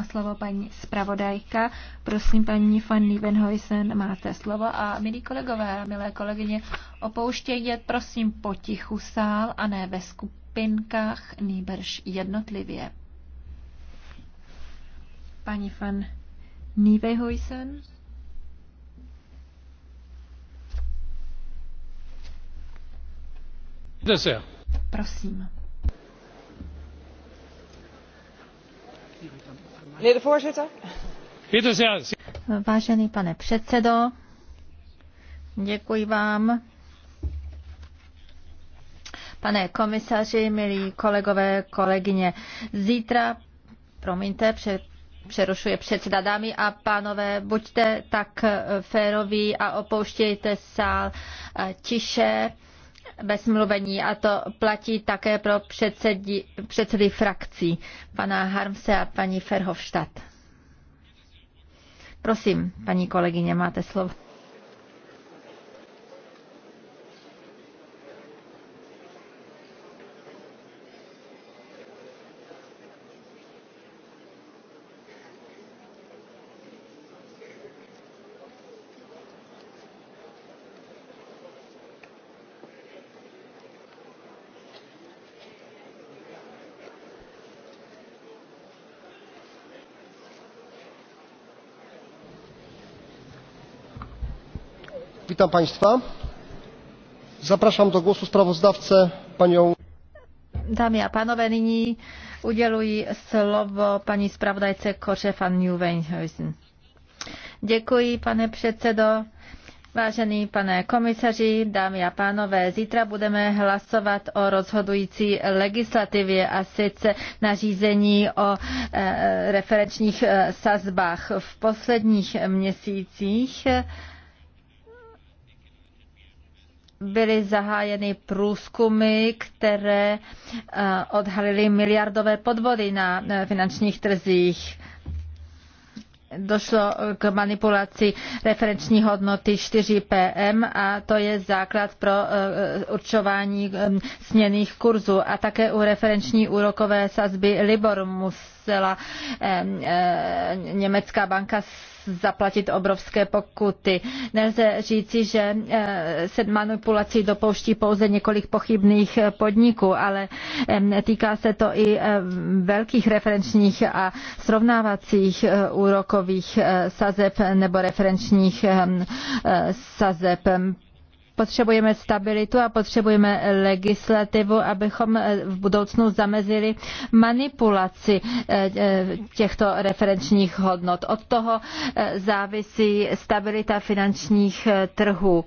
má slovo paní zpravodajka. Prosím, paní van Liebenhuisen, máte slovo. A milí kolegové, milé kolegyně, opouštějte prosím potichu sál a ne ve skupinkách, nýbrž jednotlivě. Paní van Liebenhuisen. Prosím. Vážený pane předsedo, děkuji vám. Pane komisaři, milí kolegové, kolegyně, zítra, promiňte, pře, přerušuje předseda. Dámy a pánové, buďte tak féroví a opouštějte sál eh, tiše bez mluvení a to platí také pro předsedi, předsedy frakcí, pana Harmse a paní Ferhofstadt. Prosím, paní kolegyně, máte slovo. Witam Państwa. Zapraszam do głosu sprawozdawcę panią. Dámy a pánové, nyní uděluji slovo paní zpravodajce Koře van Nieuwenhuizen. Děkuji, pane předsedo. Vážený pane komisaři, dámy a pánové, zítra budeme hlasovat o rozhodující legislativě a sice nařízení o eh, referenčních eh, sazbách. V posledních měsících byly zahájeny průzkumy, které eh, odhalily miliardové podvody na eh, finančních trzích. Došlo k manipulaci referenční hodnoty 4 PM a to je základ pro eh, určování směných kurzů. A také u referenční úrokové sazby Libor musí musela eh, německá banka zaplatit obrovské pokuty. Nelze říci, že eh, se manipulací dopouští pouze několik pochybných eh, podniků, ale týká se to i velkých referenčních a srovnávacích úrokových sazeb nebo referenčních sazeb. Potřebujeme stabilitu a potřebujeme legislativu, abychom eh, v budoucnu zamezili manipulaci eh, eh, těchto referenčních hodnot. Od toho závisí stabilita finančních trhů.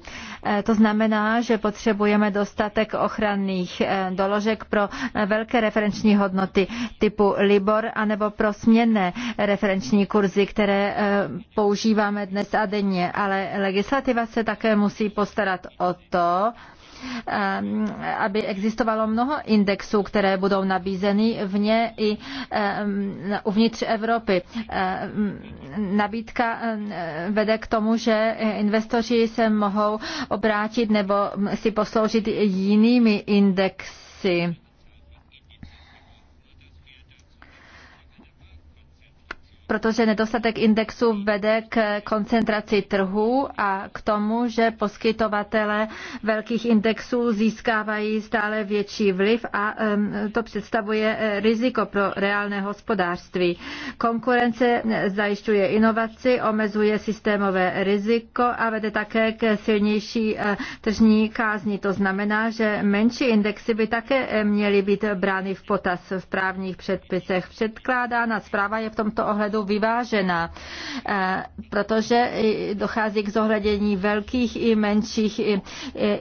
To znamená, že potřebujeme dostatek ochranných doložek pro velké referenční hodnoty typu Libor anebo pro směnné referenční kurzy, které používáme dnes a denně. Ale legislativa se také musí postarat o to, ehm, aby existovalo mnoho indexů, které budou nabízeny vně i ehm, uvnitř Evropy. Ehm, nabídka vede k tomu, že investoři se mohou obrátit nebo si posloužit jinými indexy protože nedostatek indexu vede k koncentraci trhu a k tomu, že poskytovatele velkých indexů získávají stále větší vliv a to představuje eh, riziko pro reálné hospodářství. Konkurence zajišťuje inovaci, omezuje systémové riziko a vede také k silnější eh, tržní kázni. To znamená, že menší indexy by také eh, měly být brány v potaz v právních předpisech. Předkládána zpráva je v tomto ohledu vyvážená, eh, protože dochází k zohledění velkých i menších eh,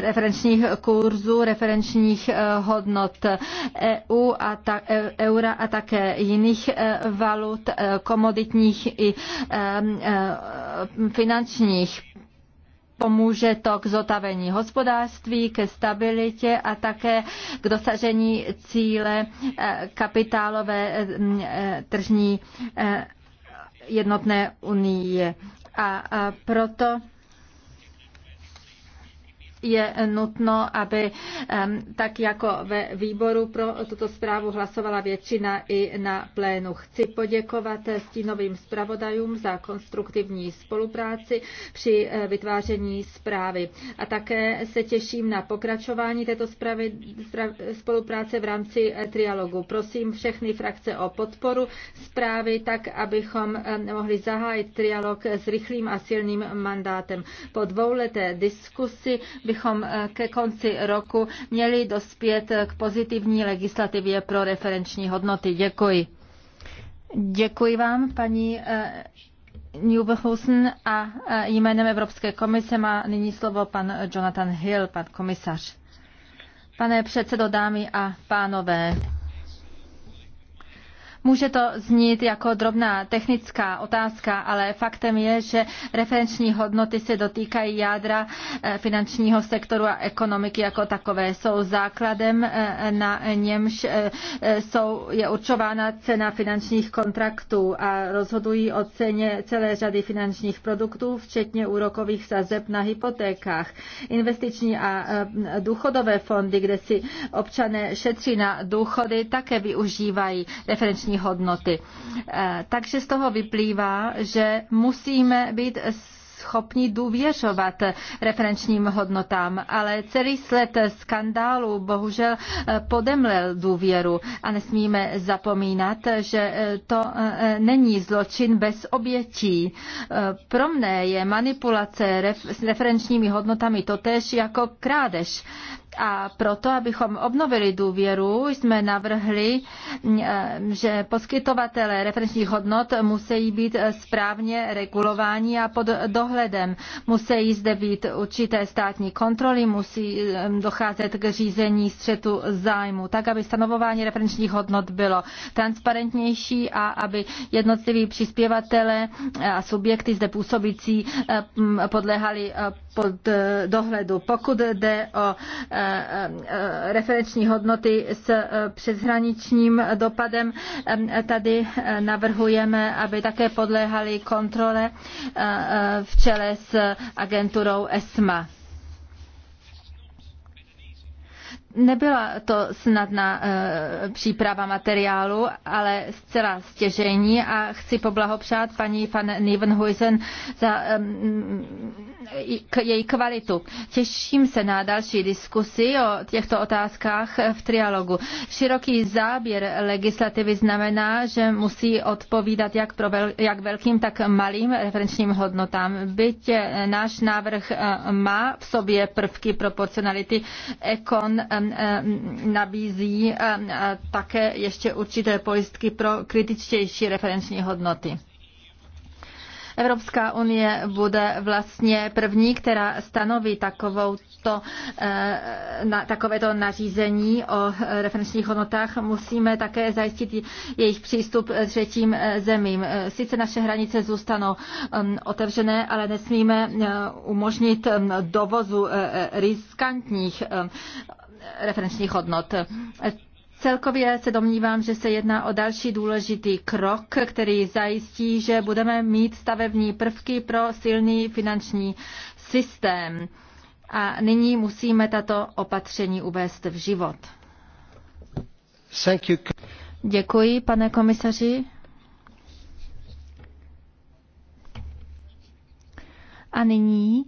referenčních kurzů, referenčních eh, hodnot EU a ta, e, eura a také jiných valut, komoditních i finančních pomůže to k zotavení hospodářství, ke stabilitě a také k dosažení cíle eh, kapitálové mm, eh, tržní eh, jednotné unie A proto je nutno, aby tak jako ve výboru pro tuto zprávu hlasovala většina i na plénu. Chci poděkovat stínovým zpravodajům za konstruktivní spolupráci při eh, vytváření zprávy. A také se těším na pokračování této zprávy, spolupráce v rámci eh, trialogu. Prosím všechny frakce o podporu zprávy, tak abychom mohli zahájit trialog s rychlým a silným mandátem. Po dvouleté diskusi bych abychom eh, ke konci roku měli dospět k pozitivní legislativě pro referenční hodnoty. Děkuji. Děkuji vám, paní Newbehausen a eh, jménem Evropské komise má nyní slovo pan Jonathan Hill, pan komisař. Pane předsedo, dámy a pánové, Může to znít jako drobná technická otázka, ale faktem je, že referenční hodnoty se dotýkají jádra eh, finančního sektoru a ekonomiky jako takové. Jsou základem, eh, na němž eh, jsou, je určována cena finančních kontraktů a rozhodují o ceně celé řady finančních produktů, včetně úrokových sazeb na hypotékách. Investiční a důchodové fondy, kde si občané šetří na důchody, také využívají referenční vlastní hodnoty. Eh, takže z toho vyplývá, že musíme být schopni důvěřovat referenčním hodnotám, ale celý sled skandálu bohužel eh, podemlel důvěru a nesmíme zapomínat, že eh, to není zločin bez obětí. Pro mne je manipulace s referenčními hodnotami totéž jako krádež. A proto, abychom obnovili důvěru, jsme navrhli, mm, eh, že poskytovatele referenčních hodnot musí být správně regulováni a pod dohledem. Musí zde být určité státní kontroly, musí mm, docházet k řízení střetu zájmu, tak aby stanovování referenčních hodnot bylo transparentnější a aby jednotliví přispěvatele a subjekty zde působící eh, mm, podléhali eh, pod eh, dohledu. Pokud jde o eh, eh, referenční hodnoty s přeshraničním dopadem, tady navrhujeme, aby také podléhaly kontrole v čele s agenturou ESMA. Nebyla to snadná e, příprava materiálu, ale zcela stěžení a chci poblahopřát paní van Nivenhuizen za e, k její kvalitu. Těším se na další diskusi o těchto otázkách v trialogu. Široký záběr legislativy znamená, že musí odpovídat jak, pro vel, jak velkým, tak malým referenčním hodnotám. Byť eh, náš návrh eh, má v sobě prvky proporcionality, ekon Eh, nabízí eh, také ještě určité pojistky pro kritičtější referenční hodnoty. Evropská unie bude vlastně první, která stanoví takovouto, eh, na, takovéto nařízení o referenčních hodnotách. Musíme také zajistit jejich přístup třetím zemím. Sice naše hranice zůstanou ehm, otevřené, ale nesmíme umožnit ehm, dovozu riskantních ehm, referenčních hodnot. Celkově se domnívám, že se jedná o další důležitý krok, který zajistí, že budeme mít stavební prvky pro silný finanční systém. A nyní musíme tato opatření uvést v život. Thank you. Děkuji, pane komisaři. A nyní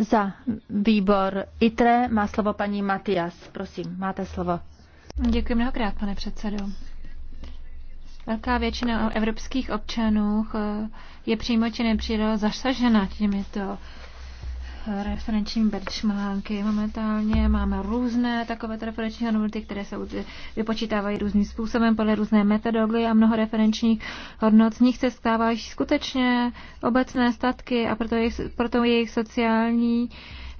za výbor ITRE má slovo paní Matias. Prosím, máte slovo. Děkuji mnohokrát, pane předsedo. Velká většina evropských občanů eh, je přímo či nepřímo zasažena těmito referenční benchmarky. Momentálně máme různé takové referenční hodnoty, které se vypočítávají různým způsobem podle různé metodologie a mnoho referenčních hodnot. Z nich se stávají skutečně obecné statky a proto jejich, proto jejich sociální uh,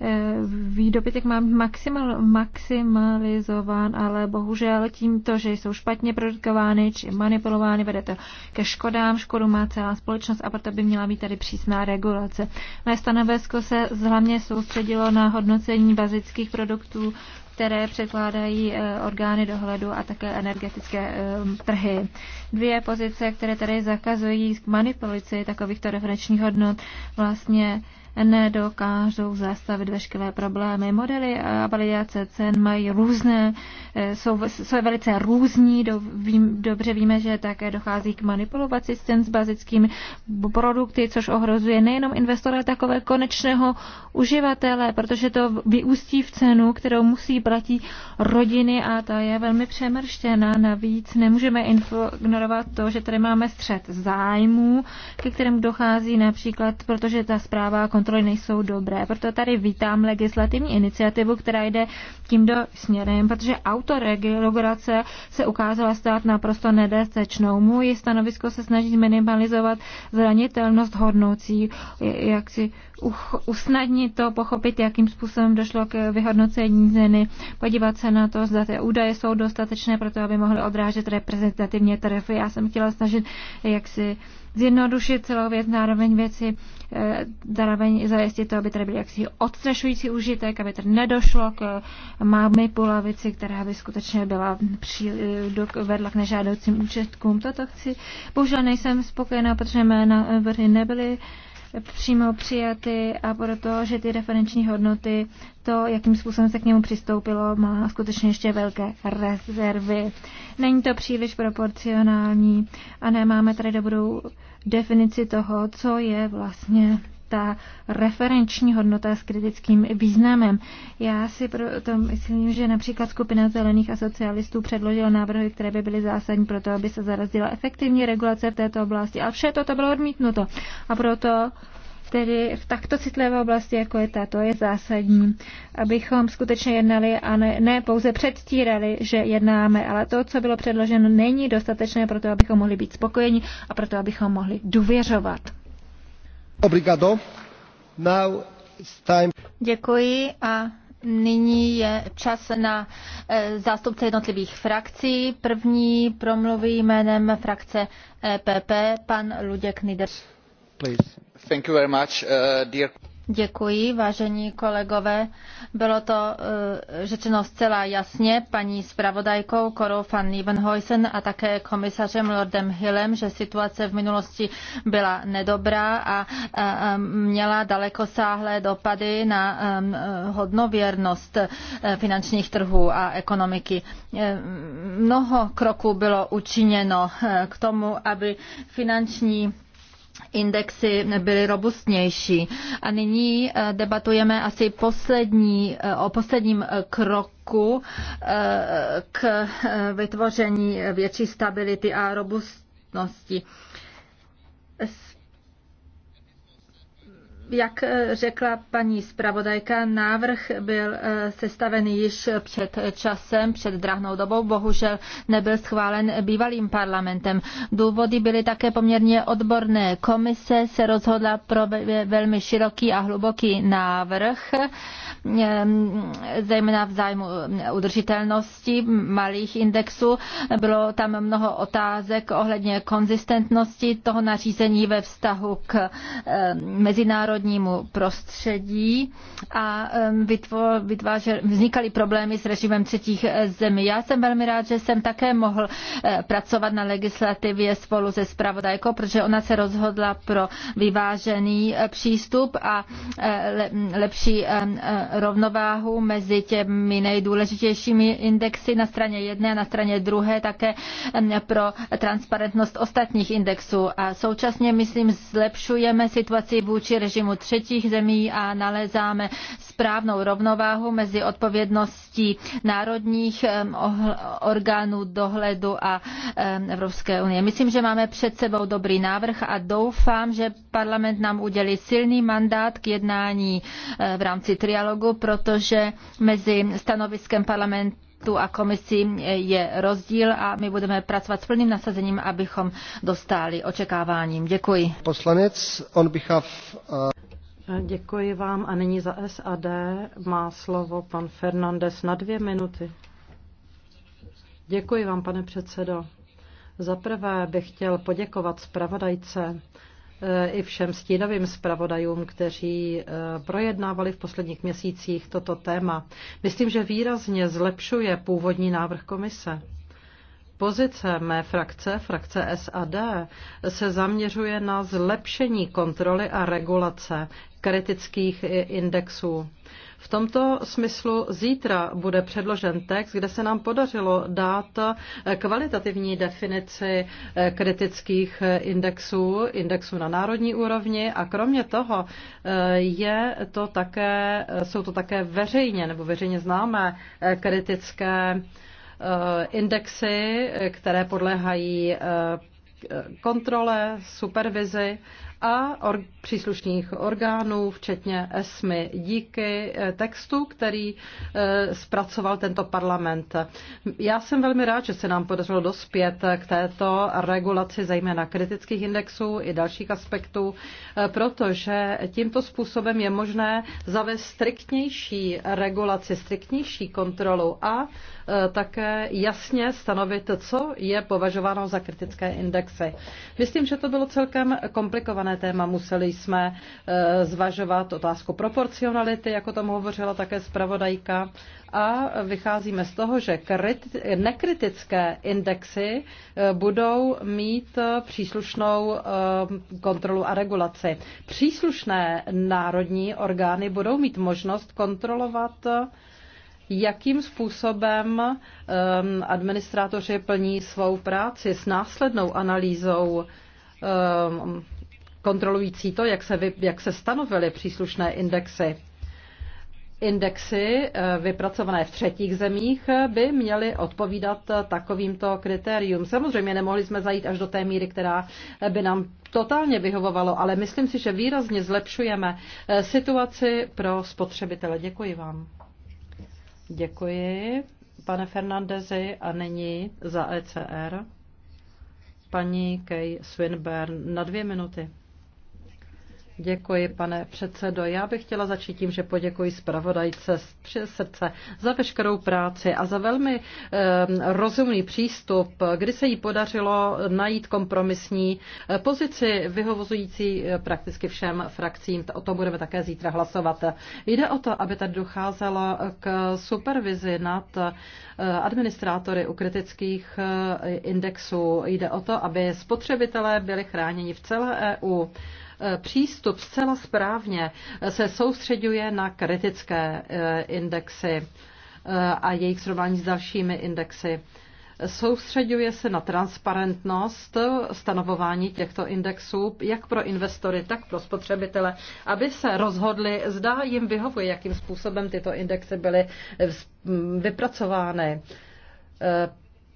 Eh, výdobytek mám maximal, maximalizován, ale bohužel tímto, že jsou špatně produkovány či manipulovány, vede to ke škodám. Škodu má celá společnost a proto by měla být tady přísná regulace. Mé stanovisko se hlavně soustředilo na hodnocení bazických produktů, které překládají eh, orgány dohledu a také energetické eh, trhy. Dvě pozice, které tady zakazují k manipulaci takovýchto referenčních hodnot, vlastně nedokážou zastavit veškeré problémy. Modely a validace cen mají různé, eh, jsou, jsou velice různí, do, vím, dobře víme, že také dochází k manipulovaci cen s bazickými produkty, což ohrozuje nejenom investora, ale takové konečného uživatele, protože to vyústí v cenu, kterou musí platit rodiny a ta je velmi přemrštěná. Navíc nemůžeme ignorovat to, že tady máme střed zájmů, ke kterému dochází například, protože ta zpráva kontroly nejsou dobré. Proto tady vítám legislativní iniciativu, která jde tímto směrem, protože autoregulace se ukázala stát naprosto nedostatečnou. Můj stanovisko se snaží minimalizovat zranitelnost hodnoucí, jak si usnadnit to, pochopit, jakým způsobem došlo k vyhodnocení změny, podívat se na to, zda ty údaje jsou dostatečné pro to, aby mohly odrážet reprezentativně trh. Já jsem chtěla snažit, jak si zjednodušit celou věc, zároveň věci, eh, zároveň zajistit to, aby tady byl jaksi odstrašující užitek, aby tady nedošlo k eh, mámy polavici, která by skutečně byla při, eh, do, vedla k nežádoucím účetkům. Toto chci. Bohužel nejsem spokojená, protože mé návrhy nebyly uh, přímo přijaty a proto, že ty referenční hodnoty, to, jakým způsobem se k němu přistoupilo, má skutečně ještě velké rezervy. Není to příliš proporcionální a nemáme tady dobrou definici toho, co je vlastně ta referenční hodnota s kritickým významem. Já si pro to myslím, že například skupina zelených a socialistů předložila návrhy, které by byly zásadní pro to, aby se zarazila efektivní regulace v této oblasti. A vše toto bylo odmítnuto. A proto tedy v takto citlivé oblasti, jako je tato, je zásadní, abychom skutečně jednali a ne, ne pouze předstírali, že jednáme, ale to, co bylo předloženo, není dostatečné pro to, abychom mohli být spokojeni a proto, abychom mohli důvěřovat. Děkuji a nyní je čas na eh, zástupce jednotlivých frakcí. První promluví jménem frakce EPP pan Luděk Nider. Děkuji, vážení kolegové. Bylo to uh, řečeno zcela jasně paní zpravodajkou Korou van Nievenhuisen a také komisařem Lordem Hillem, že situace v minulosti byla nedobrá a uh, měla dalekosáhlé dopady na um, hodnověrnost eh, finančních trhů a ekonomiky. Eh, mnoho kroků bylo učiněno k tomu, aby finanční indexy byly robustnější. A nyní eh, debatujeme asi poslední, eh, o posledním eh, kroku k vytvoření větší stability a robustnosti jak eh, řekla paní zpravodajka, návrh byl eh, sestavený již před časem, před drahnou dobou, bohužel nebyl schválen bývalým parlamentem. Důvody byly také poměrně odborné. Komise se rozhodla pro velmi široký a hluboký návrh, ehm, zejména v zájmu eh, udržitelnosti malých indexů. Bylo tam mnoho otázek ohledně konzistentnosti toho nařízení ve vztahu k mezinárodní mezinárodnímu prostředí a vytvářel, vznikaly problémy s režimem třetích eh, zemí. Já jsem velmi rád, že jsem také mohl eh, pracovat na legislativě spolu se zpravodajkou, protože ona se rozhodla pro vyvážený eh, přístup a lepší rovnováhu mezi těmi nejdůležitějšími indexy na straně jedné a na straně druhé také pro transparentnost ostatních indexů. A současně, myslím, zlepšujeme situaci vůči režimu zájmu třetích zemí a nalezáme správnou rovnováhu mezi odpovědností národních orgánů dohledu a Evropské unie. Myslím, že máme před sebou dobrý návrh a doufám, že parlament nám udělí silný mandát k jednání eh, v rámci trialogu, protože mezi stanoviskem parlamentu parlamentu a komisi je rozdíl a my budeme pracovat s plným nasazením, abychom dostali očekáváním. Děkuji. Poslanec, on bychav. Uh, děkuji vám a nyní za SAD má slovo pan Fernandez na dvě minuty. Děkuji vám, pane předsedo. Za prvé bych chtěl poděkovat zpravodajce Eh, i všem stínovým zpravodajům, kteří eh, projednávali v posledních měsících toto téma. Myslím, že výrazně zlepšuje původní návrh komise. Pozice mé frakce, frakce SAD, se zaměřuje na zlepšení kontroly a regulace kritických indexů. V tomto smyslu zítra bude předložen text, kde se nám podařilo dát kvalitativní definici eh, kritických eh, indexů, indexů na národní úrovni a kromě toho eh, je to také, jsou to také veřejně nebo veřejně známé kritické indexy, které podléhají kontrole, supervizi a or- příslušných orgánů, včetně ESMY, díky eh, textu, který eh, zpracoval tento parlament. Já jsem velmi rád, že se nám podařilo dospět k této regulaci, zejména kritických indexů i dalších aspektů, eh, protože tímto způsobem je možné zavést striktnější regulaci, striktnější kontrolu a také jasně stanovit, co je považováno za kritické indexy. Myslím, že to bylo celkem komplikované dané téma, museli jsme eh, zvažovat otázku proporcionality, jako tam hovořila také zpravodajka, a vycházíme z toho, že nekritické indexy eh, budou mít eh, příslušnou kontrolu a regulaci. Příslušné národní orgány budou mít možnost kontrolovat jakým způsobem um, administrátoři plní svou práci s následnou analýzou um, kontrolující to, jak se, vy, jak se stanovily příslušné indexy. Indexy eh, vypracované v třetích zemích by měly odpovídat eh, takovýmto kritériům. Samozřejmě nemohli jsme zajít až do té míry, která eh, by nám totálně vyhovovalo, ale myslím si, že výrazně zlepšujeme situaci pro spotřebitele. Děkuji vám. Děkuji, pane Fernandezi, a nyní za ECR paní Kay Swinburne na dvě minuty. Děkuji, pane předsedo. Já bych chtěla začít tím, že poděkuji zpravodajce z srdce za veškerou práci a za velmi eh, rozumný přístup, kdy se jí podařilo najít kompromisní eh, pozici vyhovozující eh, prakticky všem frakcím. O tom budeme také zítra hlasovat. Jde o to, aby tady docházelo k supervizi nad eh, administrátory u kritických indexů. Jde o to, aby spotřebitelé byli chráněni v celé EU. Eh, přístup zcela správně se soustředuje na kritické eh, indexy eh, a jejich srovnání s dalšími indexy. Soustředuje se na transparentnost stanovování těchto indexů, jak pro investory, tak pro spotřebitele, aby se rozhodli, zda jim vyhovuje, jakým způsobem tyto indexy byly vypracovány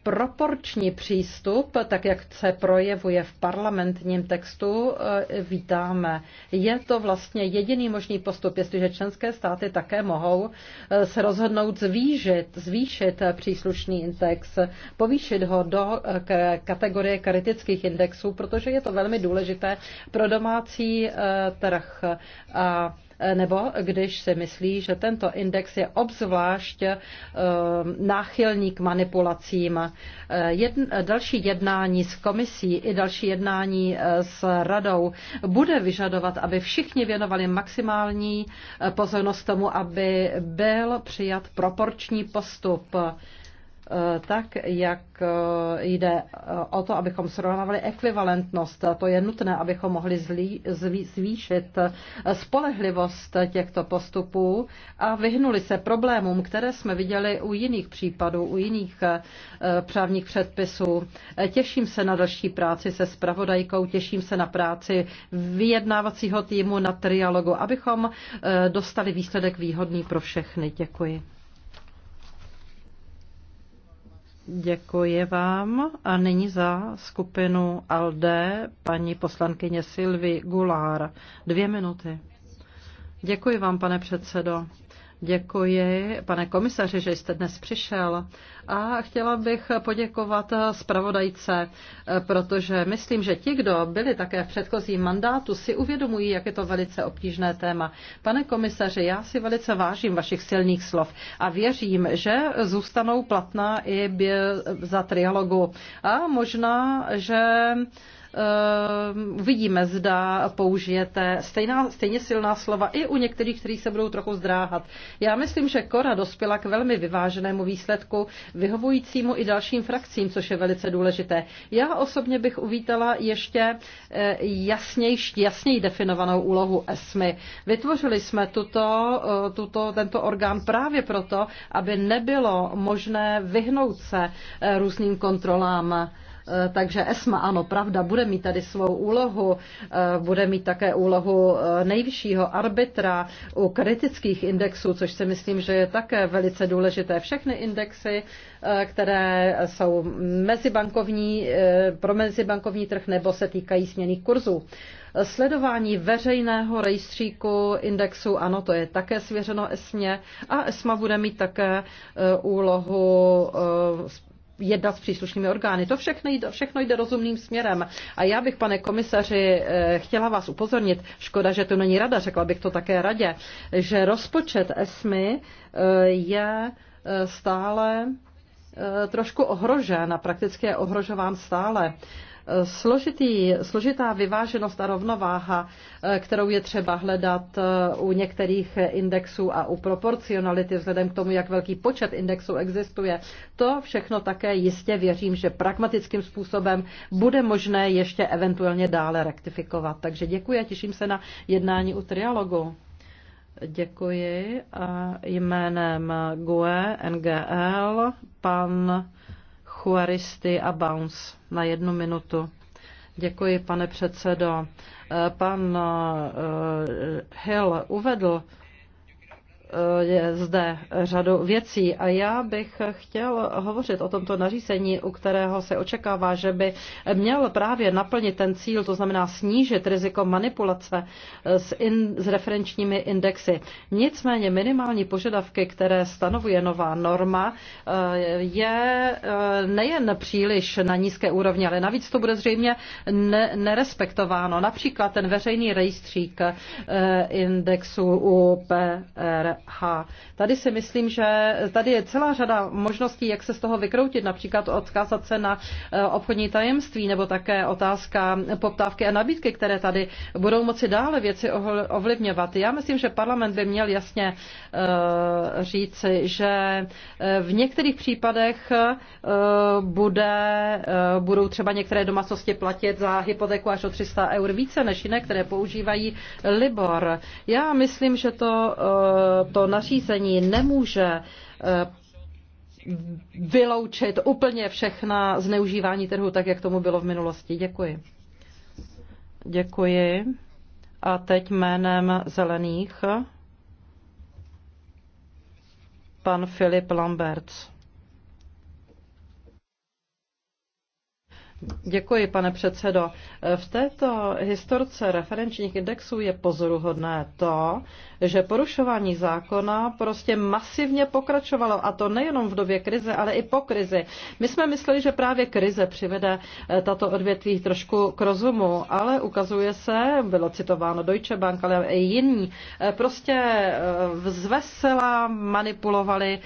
proporční přístup, tak jak se projevuje v parlamentním textu, e, vítáme. Je to vlastně jediný možný postup, jestliže členské státy také mohou e, se rozhodnout zvýšit, zvýšit příslušný index, povýšit ho do e, kategorie kritických indexů, protože je to velmi důležité pro domácí trh. A Eh, nebo když si myslí, že tento index je obzvlášť eh, náchylný k manipulacím. Eh, další jednání s komisí i další jednání s radou bude vyžadovat, aby všichni věnovali maximální pozornost tomu, aby byl přijat proporční postup Eh, tak, jak eh, jde eh, o to, abychom srovnávali ekvivalentnost. To je nutné, abychom mohli zlí, zvýšit spolehlivost těchto postupů a vyhnuli se problémům, které jsme viděli u jiných případů, u jiných právních předpisů. Těším se na další práci se spravodajkou, těším se na práci vyjednávacího týmu na trialogu, abychom dostali výsledek výhodný pro všechny. Děkuji. Děkuji vám. A nyní za skupinu ALDE paní poslankyně Silvi Gulár. Dvě minuty. Děkuji vám, pane předsedo. Děkuji, pane komisaři, že jste dnes přišel. A chtěla bych poděkovat zpravodajce, protože myslím, že ti, kdo byli také v předchozím mandátu, si uvědomují, jak je to velice obtížné téma. Pane komisaři, já si velice vážím vašich silných slov a věřím, že zůstanou platná i za trialogu. A možná, že Ehm, uvidíme, zda použijete stejná, stejně silná slova i u některých, kteří se budou trochu zdráhat. Já myslím, že Kora dospěla k velmi vyváženému výsledku, vyhovujícímu i dalším frakcím, což je velice důležité. Já osobně bych uvítala ještě eh, jasnější, jasněji definovanou úlohu ESMY. Vytvořili jsme tuto, eh, tuto, tento orgán právě proto, aby nebylo možné vyhnout se eh, různým kontrolám Eh, takže ESMA, ano, pravda, bude mít tady svou úlohu, eh, bude mít také úlohu eh, nejvyššího arbitra u kritických indexů, což si myslím, že je také velice důležité. Všechny indexy, které jsou mezibankovní, pro mezibankovní trh nebo se týkají směných kurzů. Sledování veřejného rejstříku indexu, ano, to je také svěřeno ESMě a ESMA bude mít také úlohu jednat s příslušnými orgány. To všechno jde, všechno jde rozumným směrem. A já bych, pane komisaři, eh, chtěla vás upozornit, škoda, že to není rada, řekla bych to také radě, že rozpočet ESMI eh, je eh, stále trošku ohrožen a prakticky je ohrožován stále složitý, složitá vyváženost a rovnováha, eh, kterou je třeba hledat eh, u některých indexů a u proporcionality vzhledem k tomu, jak velký počet indexů existuje. To všechno také jistě věřím, že pragmatickým způsobem bude možné ještě eventuálně dále rektifikovat. Takže děkuji a těším se na jednání u trialogu. Děkuji. Jménem GUE NGL pan Juaristy a Bounce na jednu minutu. Děkuji, pane předsedo. Eh, pan eh, Hill uvedl, je zde řadu věcí a já bych chtěl hovořit o tomto nařízení, u kterého se očekává, že by měl právě naplnit ten cíl, to znamená snížit riziko manipulace s, in, s referenčními indexy. Nicméně minimální požadavky, které stanovuje nová norma, eh, je eh, nejen příliš na nízké úrovni, ale navíc to bude zřejmě ne, nerespektováno. Například ten veřejný rejstřík eh, indexu UPR H. Tady si myslím, že tady je celá řada možností, jak se z toho vykroutit, například odkázat se na eh, obchodní tajemství nebo také otázka poptávky a nabídky, které tady budou moci dále věci ovlivňovat. Já myslím, že parlament by měl jasně eh, říci, že eh, v některých případech bude, budou třeba některé domácnosti platit za hypotéku až o 300 eur více než jiné, které používají Libor. Já myslím, že to to nařízení nemůže eh, vyloučit úplně všechna zneužívání trhu, tak jak tomu bylo v minulosti. Děkuji. Děkuji. A teď jménem zelených pan Filip Lamberts. Děkuji, pane předsedo. V této historce referenčních indexů je pozoruhodné to, že porušování zákona prostě masivně pokračovalo, a to nejenom v době krize, ale i po krizi. My jsme mysleli, že právě krize přivede eh, tato odvětví trošku k rozumu, ale ukazuje se, bylo citováno Deutsche Bank, ale i jiní, eh, prostě vzvesela eh, manipulovali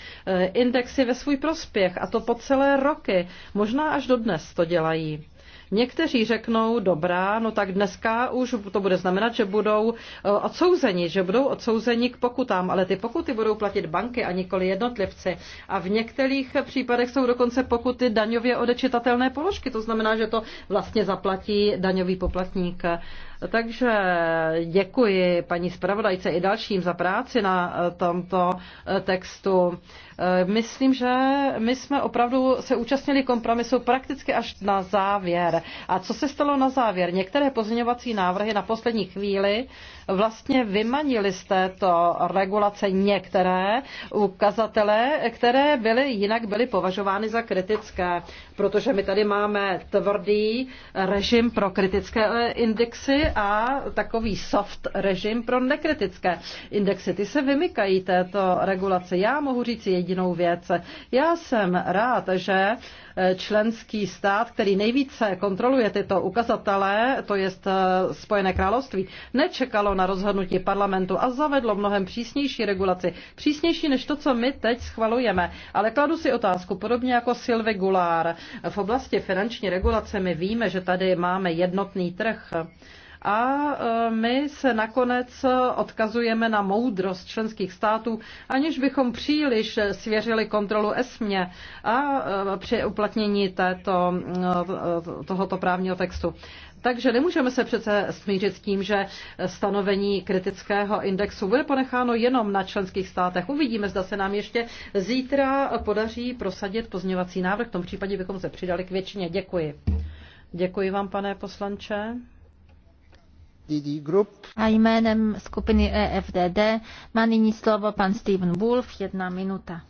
indexy ve svůj prospěch, a to po celé roky, možná až do dnes to dělají dělají. Někteří řeknou, dobrá, no tak dneska už to bude znamenat, že budou eh, odsouzeni, že budou odsouzeni k pokutám, ale ty pokuty budou platit banky a nikoli jednotlivci. A v některých případech jsou dokonce pokuty daňově odečitatelné položky, to znamená, že to vlastně zaplatí daňový poplatník. Takže děkuji paní zpravodajce i dalším za práci na eh, tomto eh, textu. Eh, myslím, že my jsme opravdu se účastnili kompromisu prakticky až na závěr. A co se stalo na závěr? Některé pozměňovací návrhy na poslední chvíli vlastně vymanili z této regulace některé ukazatele, které byly jinak byly považovány za kritické, protože my tady máme tvrdý režim pro kritické indexy a takový soft režim pro nekritické indexy. Ty se vymykají této regulace. Já mohu říct jedinou věc. Já jsem rád, že členský stát, který nejvíce kontroluje tyto ukazatele, to je eh, Spojené království, nečekalo na rozhodnutí parlamentu a zavedlo mnohem přísnější regulaci. Přísnější než to, co my teď schvalujeme. Ale kladu si otázku, podobně jako Silvi Gulár, V oblasti finanční regulace my víme, že tady máme jednotný trh a e, my se nakonec odkazujeme na moudrost členských států, aniž bychom příliš svěřili kontrolu ESMě a e, při uplatnění této, e, tohoto právního textu. Takže nemůžeme se přece smířit s tím, že stanovení kritického indexu bude ponecháno jenom na členských státech. Uvidíme, zda se nám ještě zítra podaří prosadit pozměvací návrh. V tom případě bychom se přidali k většině. Děkuji. Děkuji vám, pane poslanče. A jménem skupiny EFDD má nyní slovo pan Steven Wolf, jedna minuta.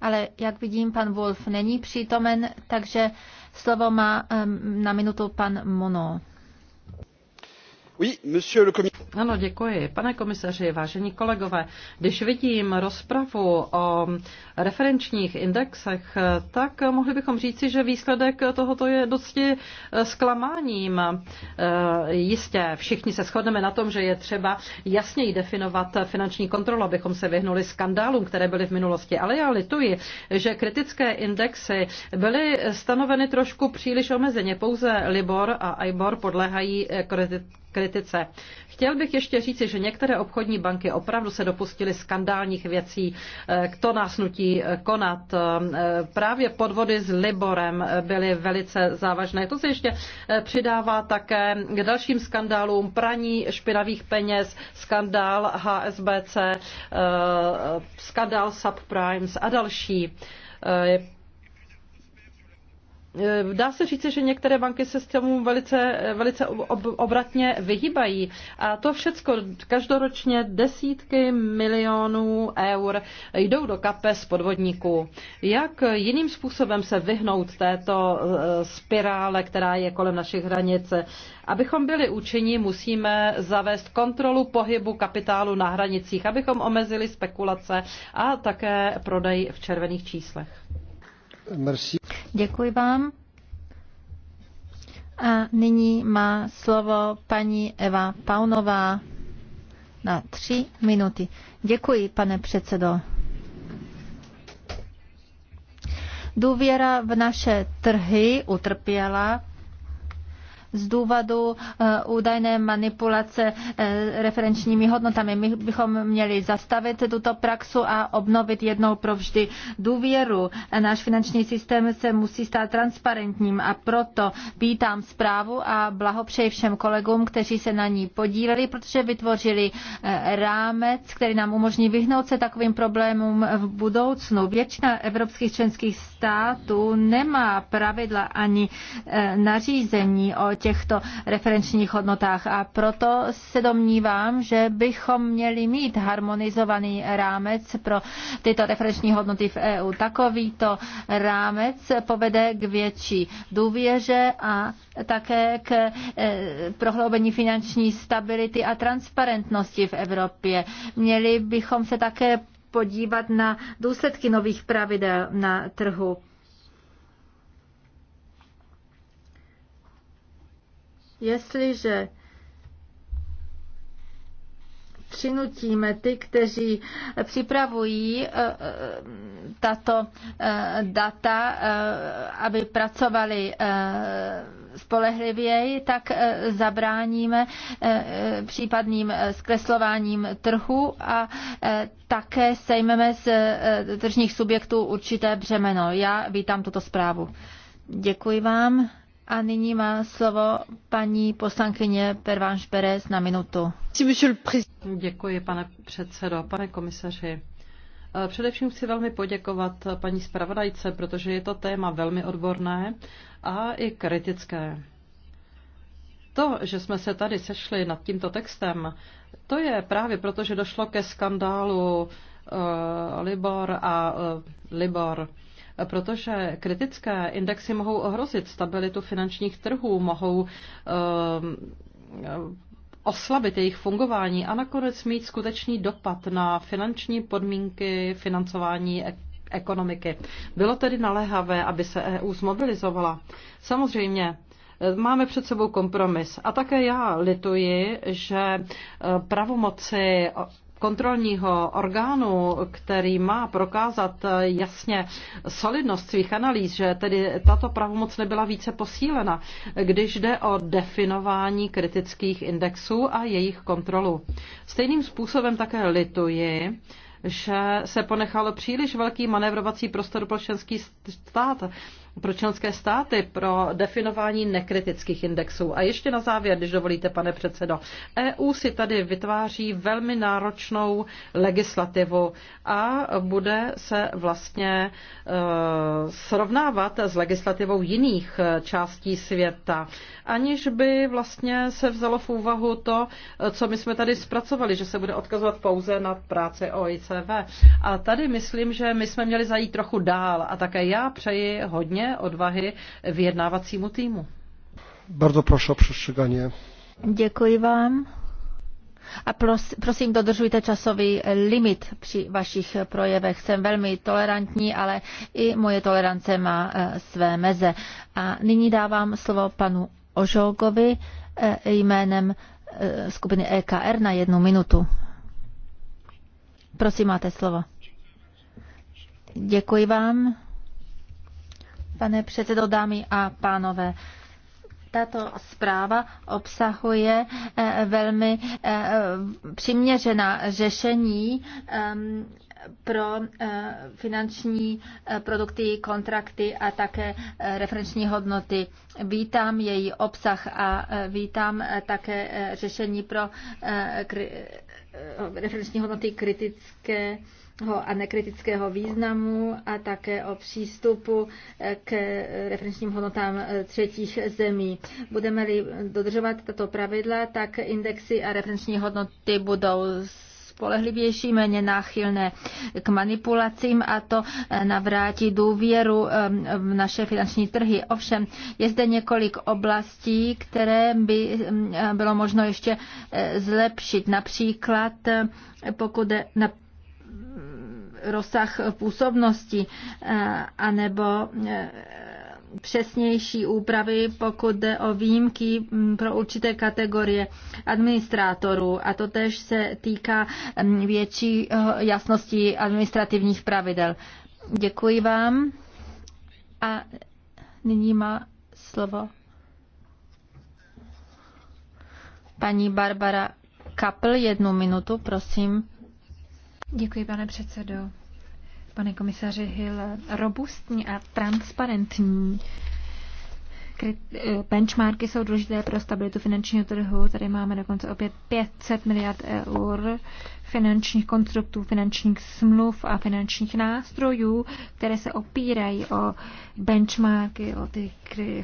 Ale jak vidím, pan Wolf není přítomen, takže slovo má na minutu pan Monod. Ano, děkuji. Pane komisaři, vážení kolegové, když vidím rozpravu o referenčních indexech, tak mohli bychom říci, že výsledek tohoto je dosti eh, zklamáním. Eh, jistě, všichni se shodneme na tom, že je třeba jasněji definovat finanční kontrolu, abychom se vyhnuli skandálům, které byly v minulosti. Ale já lituji, že kritické indexy byly stanoveny trošku příliš omezeně. Pouze Libor a IBOR podléhají kritické kritice. Chtěl bych ještě říci, že některé obchodní banky opravdu se dopustily skandálních věcí, eh, kdo nás nutí eh, konat. Eh, právě podvody s Liborem byly velice závažné. To se ještě přidává také k dalším skandálům praní špinavých peněz, skandál HSBC, skandál subprimes a další Eh, dá se říci, že některé banky se s tomu velice, eh, velice ob, obratně vyhýbají. A to všecko každoročně desítky milionů eur jdou do kapes podvodníků. Jak jiným způsobem se vyhnout této eh, spirále, která je kolem našich hranic? Abychom byli účinní, musíme zavést kontrolu pohybu kapitálu na hranicích, abychom omezili spekulace a také prodej v červených číslech. Merci. Děkuji vám. A nyní má slovo paní Eva Paunová na tři minuty. Děkuji, pane předsedo. Důvěra v naše trhy utrpěla z důvodu eh, údajné manipulace eh, referenčními hodnotami. My bychom měli zastavit tuto praxu a obnovit jednou provždy důvěru. Náš finanční systém se musí stát transparentním a proto vítám zprávu a blahopřeji všem kolegům, kteří se na ní podíleli, protože vytvořili eh, rámec, který nám umožní vyhnout se takovým problémům v budoucnu. Většina evropských členských států nemá pravidla ani nařízení o těchto referenčních hodnotách. A proto se domnívám, že bychom měli mít harmonizovaný rámec pro tyto referenční hodnoty v EU. Takovýto rámec povede k větší důvěře a také k e, prohloubení finanční stability a transparentnosti v Evropě. Měli bychom se také podívat na důsledky nových pravidel na trhu Jestliže přinutíme ty, kteří připravují eh, eh, tato eh, data, aby pracovali spolehlivěji, tak zabráníme případným zkreslováním trhu a také sejmeme z tržních subjektů určité břemeno. Já vítám tuto zprávu. Děkuji vám. A nyní má slovo paní poslankyně Pervanš Perez na minutu. Děkuji, pane předsedo, pane komisaři. Eh, především chci velmi poděkovat paní zpravodajce, protože je to téma velmi odborné a i kritické. To, že jsme se tady sešli nad tímto textem, to je právě proto, že došlo ke skandálu uh, Libor a uh, Libor protože kritické indexy mohou ohrozit stabilitu finančních trhů, mohou ehm, oslabit jejich fungování a nakonec mít skutečný dopad na finanční podmínky financování ekonomiky. Bylo tedy naléhavé, aby se EU zmobilizovala. Samozřejmě e, máme před sebou kompromis. A také já lituji, že e, pravomoci kontrolního orgánu, který má prokázat jasně solidnost svých analýz, že tedy tato pravomoc nebyla více posílena, když jde o definování kritických indexů a jejich kontrolu. Stejným způsobem také lituji, že se ponechalo příliš velký manevrovací prostor pro členský stát pro členské státy pro definování nekritických indexů. A ještě na závěr, když dovolíte, pane předsedo, EU si tady vytváří velmi náročnou legislativu a bude se vlastně uh, srovnávat s legislativou jiných eh, částí světa, aniž by vlastně se vzalo v úvahu to, eh, co my jsme tady zpracovali, že se bude odkazovat pouze na práci OICV. A tady myslím, že my jsme měli zajít trochu dál a také já přeji hodně odvahy vyjednávacímu týmu. Bardzo proszę o przestrzeganie. Děkuji vám. A pros, prosím, dodržujte časový limit při vašich projevech. Jsem velmi tolerantní, ale i moje tolerance má e, své meze. A nyní dávám slovo panu Ožolkovi e, jménem e, skupiny EKR na jednu minutu. Prosím, máte slovo. Děkuji vám pane předsedo, dámy a pánové. Tato zpráva obsahuje eh, velmi eh, přiměřená řešení ehm, pro eh, finanční produkty, kontrakty a také referenční hodnoty. Vítám její obsah a vítám také řešení pro Eh, referenční hodnoty kritického a nekritického významu a také o přístupu eh, k referenčním hodnotám eh, třetích zemí. Budeme-li dodržovat tato pravidla, tak indexy a referenční hodnoty budou spolehlivější, méně náchylné k manipulacím a to eh, navrátí důvěru eh, v naše finanční trhy. Ovšem, je zde několik oblastí, které by eh, bylo možno ještě zlepšit. Například pokud jde na mm, rozsah působnosti, anebo přesnější úpravy, pokud jde o výjimky mm, pro určité kategorie administrátorů. A to tež se týká mm, větší eh, jasnosti administrativních pravidel. Děkuji vám. A nyní má slovo paní Barbara Kapl. Jednu minutu, prosím. Děkuji, pane předsedo pane komisaři Hill, robustní a transparentní eh, benchmarky jsou důležité pro stabilitu finančního trhu. Tady máme dokonce opět 500 miliard eur finančních konstruktů, finančních smluv a finančních nástrojů, které se opírají o benchmarky, o ty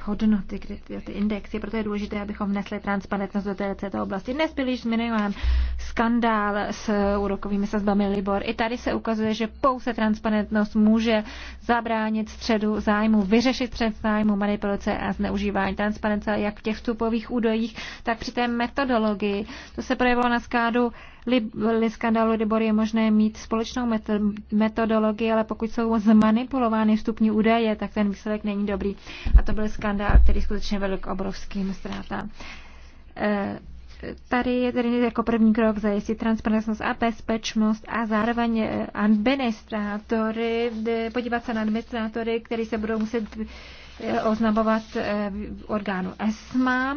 hodnoty, o ty indexy. Proto je důležité, abychom vnesli transparentnost do této oblasti. Dnes byl již zmiňován skandál s úrokovými sazbami Libor. I tady se ukazuje, že pouze transparentnost může zabránit středu zájmu, vyřešit střed zájmu, manipulace a zneužívání transparence jak v těch vstupových údajích, tak při té metodologii. To se projevilo na skádu li skandálu Libor je možné mít společnou metodologii, ale pokud jsou zmanipulovány vstupní údaje, tak ten výsledek není dobrý. A to byl skandál, který skutečně vedl k obrovským ztrátám. E, tady je tedy jako první krok zajistit transparentnost a bezpečnost a zároveň e, administrátory, podívat se na administrátory, kteří se budou muset e, oznamovat orgánu ESMA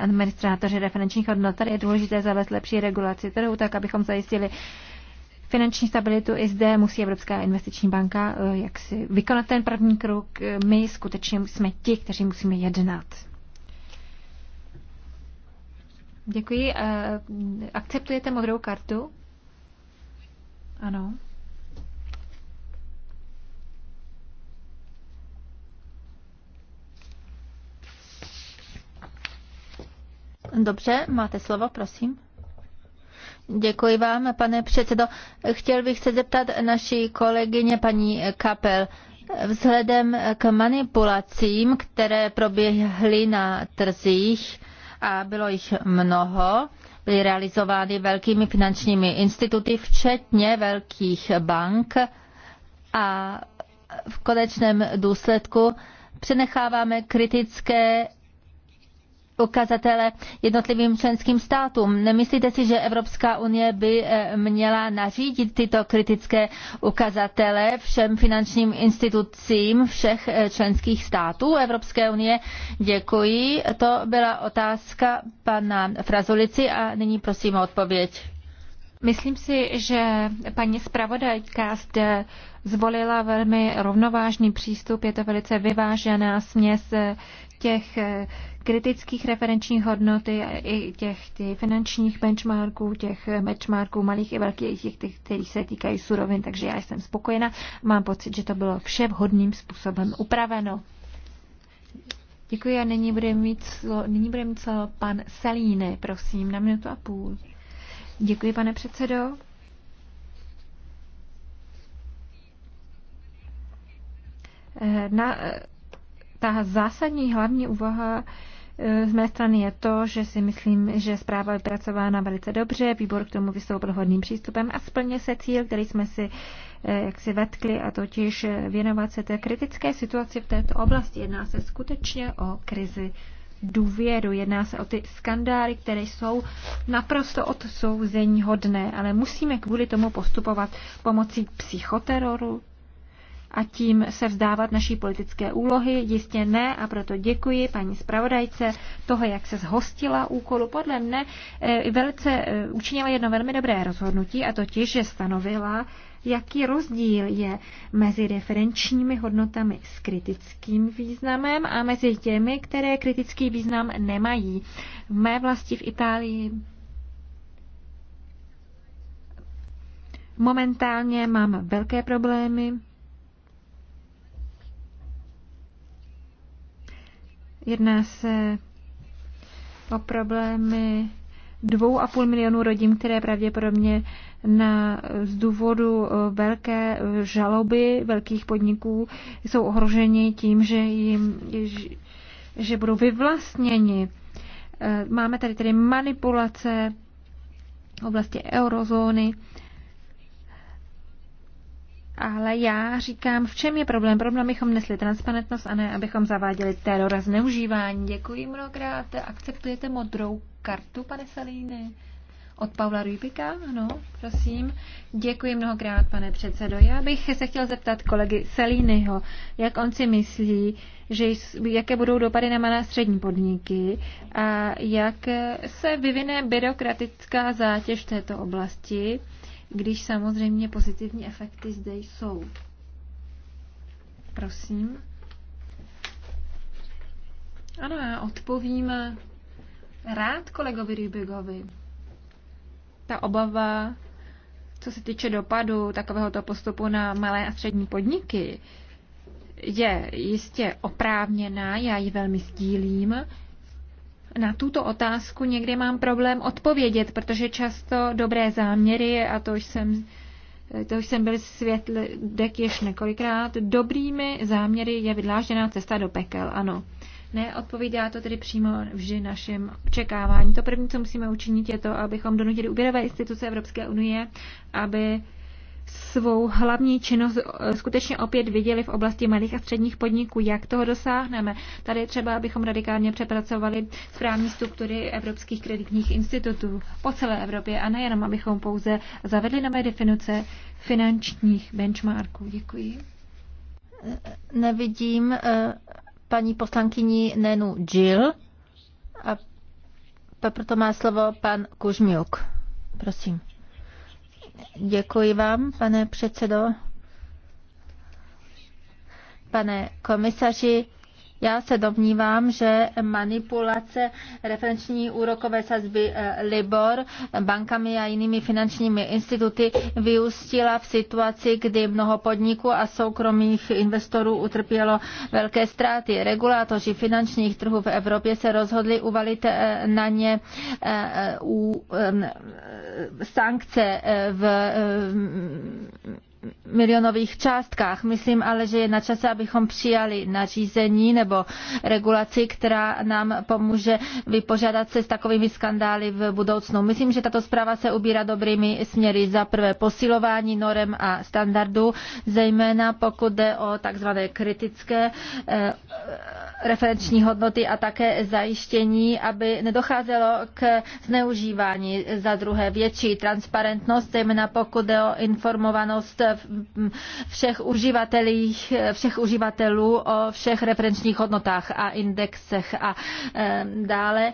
administrátoři referenčních hodnot. Tady je důležité zavést lepší regulaci trhu, tak abychom zajistili finanční stabilitu. I zde musí Evropská investiční banka eh, jak si vykonat ten první krok. My skutečně jsme ti, kteří musíme jednat. Děkuji. Eh, akceptujete modrou kartu? Ano. Dobře, máte slovo, prosím. Děkuji vám, pane předsedo. Chtěl bych se zeptat naší kolegyně paní Kapel. Vzhledem k manipulacím, které proběhly na trzích, a bylo jich mnoho, byly realizovány velkými finančními instituty, včetně velkých bank a v konečném důsledku přenecháváme kritické ukazatele jednotlivým členským státům. Nemyslíte si, že Evropská unie by eh, měla nařídit tyto kritické ukazatele všem finančním institucím všech eh, členských států Evropské unie? Děkuji. To byla otázka pana Frazulici a nyní prosím o odpověď. Myslím si, že paní zpravodajka zde zvolila velmi rovnovážný přístup. Je to velice vyvážená směs těch eh, kritických referenčních hodnot i těch ty finančních benchmarků, těch benchmarků malých i velkých, těch, těch, kterých se týkají surovin, takže já jsem spokojena. Mám pocit, že to bylo vše vhodným způsobem upraveno. Děkuji a nyní bude mít slovo, nyní bude mít slovo pan Salíny, prosím, na minutu a půl. Děkuji, pane předsedo. Eh, na, eh, ta zásadní hlavní úvaha eh, z mé strany je to, že si myslím, že zpráva vypracována velice dobře, výbor k tomu vystoupil hodným přístupem a splně se cíl, který jsme si eh, jak si vetkli, a totiž eh, věnovat se té kritické situaci v této oblasti. Jedná se skutečně o krizi důvěru. Jedná se o ty skandály, které jsou naprosto odsouzení hodné, ale musíme kvůli tomu postupovat pomocí psychoteroru, a tím se vzdávat naší politické úlohy? Jistě ne a proto děkuji paní zpravodajce toho, jak se zhostila úkolu. Podle mne eh, velice eh, učinila jedno velmi dobré rozhodnutí a totiž, že stanovila, jaký rozdíl je mezi referenčními hodnotami s kritickým významem a mezi těmi, které kritický význam nemají. V mé vlasti v Itálii momentálně mám velké problémy Jedná se o problémy dvou a půl milionů rodin, které pravděpodobně na, z důvodu eh, velké eh, žaloby velkých podniků jsou ohroženi tím, že, jim, že budou vyvlastněni. Eh, máme tady tedy manipulace v oblasti eurozóny ale já říkám, v čem je problém? Problém, abychom nesli transparentnost a ne, abychom zaváděli teror a zneužívání. Děkuji mnohokrát. Akceptujete modrou kartu, pane Salíny? Od Pavla Rybika, ano, prosím. Děkuji mnohokrát, pane předsedo. Já bych se chtěl zeptat kolegy Selínyho, jak on si myslí, že jaké budou dopady na malé střední podniky a jak se vyvine byrokratická zátěž této oblasti když samozřejmě pozitivní efekty zde jsou. Prosím. Ano, já odpovím rád kolegovi Rybigovi. Ta obava, co se týče dopadu takovéhoto postupu na malé a střední podniky, je jistě oprávněná, já ji velmi sdílím na tuto otázku někdy mám problém odpovědět, protože často dobré záměry, a to už jsem, to už jsem byl svědek již několikrát, dobrými záměry je vydlážděná cesta do pekel, ano. ne Neodpovídá to tedy přímo vždy našim očekávání. To první, co musíme učinit, je to, abychom donutili úvěrové instituce Evropské unie, aby svou hlavní činnost eh, skutečně opět viděli v oblasti malých a středních podniků. Jak toho dosáhneme? Tady třeba, abychom radikálně přepracovali správní struktury evropských kreditních institutů po celé Evropě a nejenom, abychom pouze zavedli nové definice finančních benchmarků. Děkuji. Eh, nevidím eh, paní poslankyni Nenu Jill a proto má slovo pan Kužmiuk. Prosím. Děkuji vám, pane předsedo. Pane komisaři, já se domnívám, že manipulace referenční úrokové sazby eh, Libor bankami a jinými finančními instituty vyústila v situaci, kdy mnoho podniků a soukromých investorů utrpělo velké ztráty. Regulátoři finančních trhů v Evropě se rozhodli uvalit eh, na ně eh, sankce v milionových částkách. Myslím ale, že je na čase, abychom přijali nařízení nebo regulaci, která nám pomůže vypořádat se s takovými skandály v budoucnu. Myslím, že tato zpráva se ubírá dobrými směry. Za prvé posilování norem a standardů, zejména pokud jde o takzvané kritické eh, referenční hodnoty a také zajištění, aby nedocházelo k zneužívání. Za druhé větší transparentnost, zejména pokud jde o informovanost všech, všech uživatelů o všech referenčních hodnotách a indexech a dále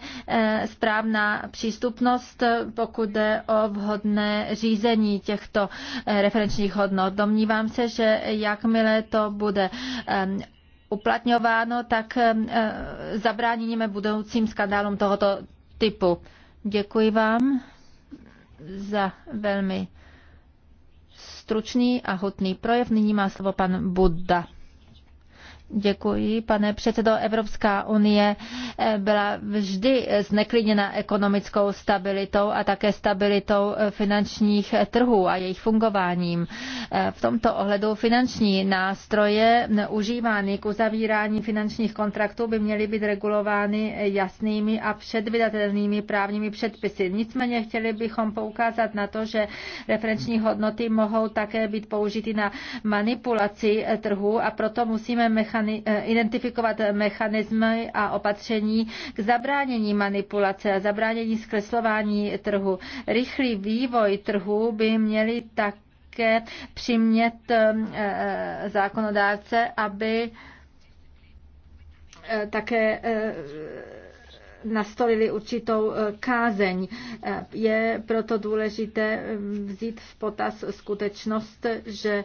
správná přístupnost, pokud jde o vhodné řízení těchto eh, referenčních hodnot. Domnívám se, že jakmile to bude uplatňováno, tak eh, zabráníme budoucím skandálům tohoto typu. Děkuji vám za velmi stručný a hutný projev. Nyní má slovo pan Buddha. Děkuji, pane předsedo. Evropská unie eh, byla vždy zneklidněna ekonomickou stabilitou a také stabilitou eh, finančních trhů a jejich fungováním. Eh, v tomto ohledu finanční nástroje užívány k uzavírání finančních kontraktů by měly být regulovány jasnými a předvydatelnými právními předpisy. Nicméně chtěli bychom poukázat na to, že referenční hodnoty mohou také být použity na manipulaci trhu a proto musíme mechanizovat mechani- eh, identifikovat mechanismy a opatření k zabránění manipulace a zabránění zkreslování trhu. Rychlý vývoj trhu by měli také přimět eh, eh, zákonodárce, aby také nastolili určitou kázeň. Je proto důležité vzít v potaz skutečnost, že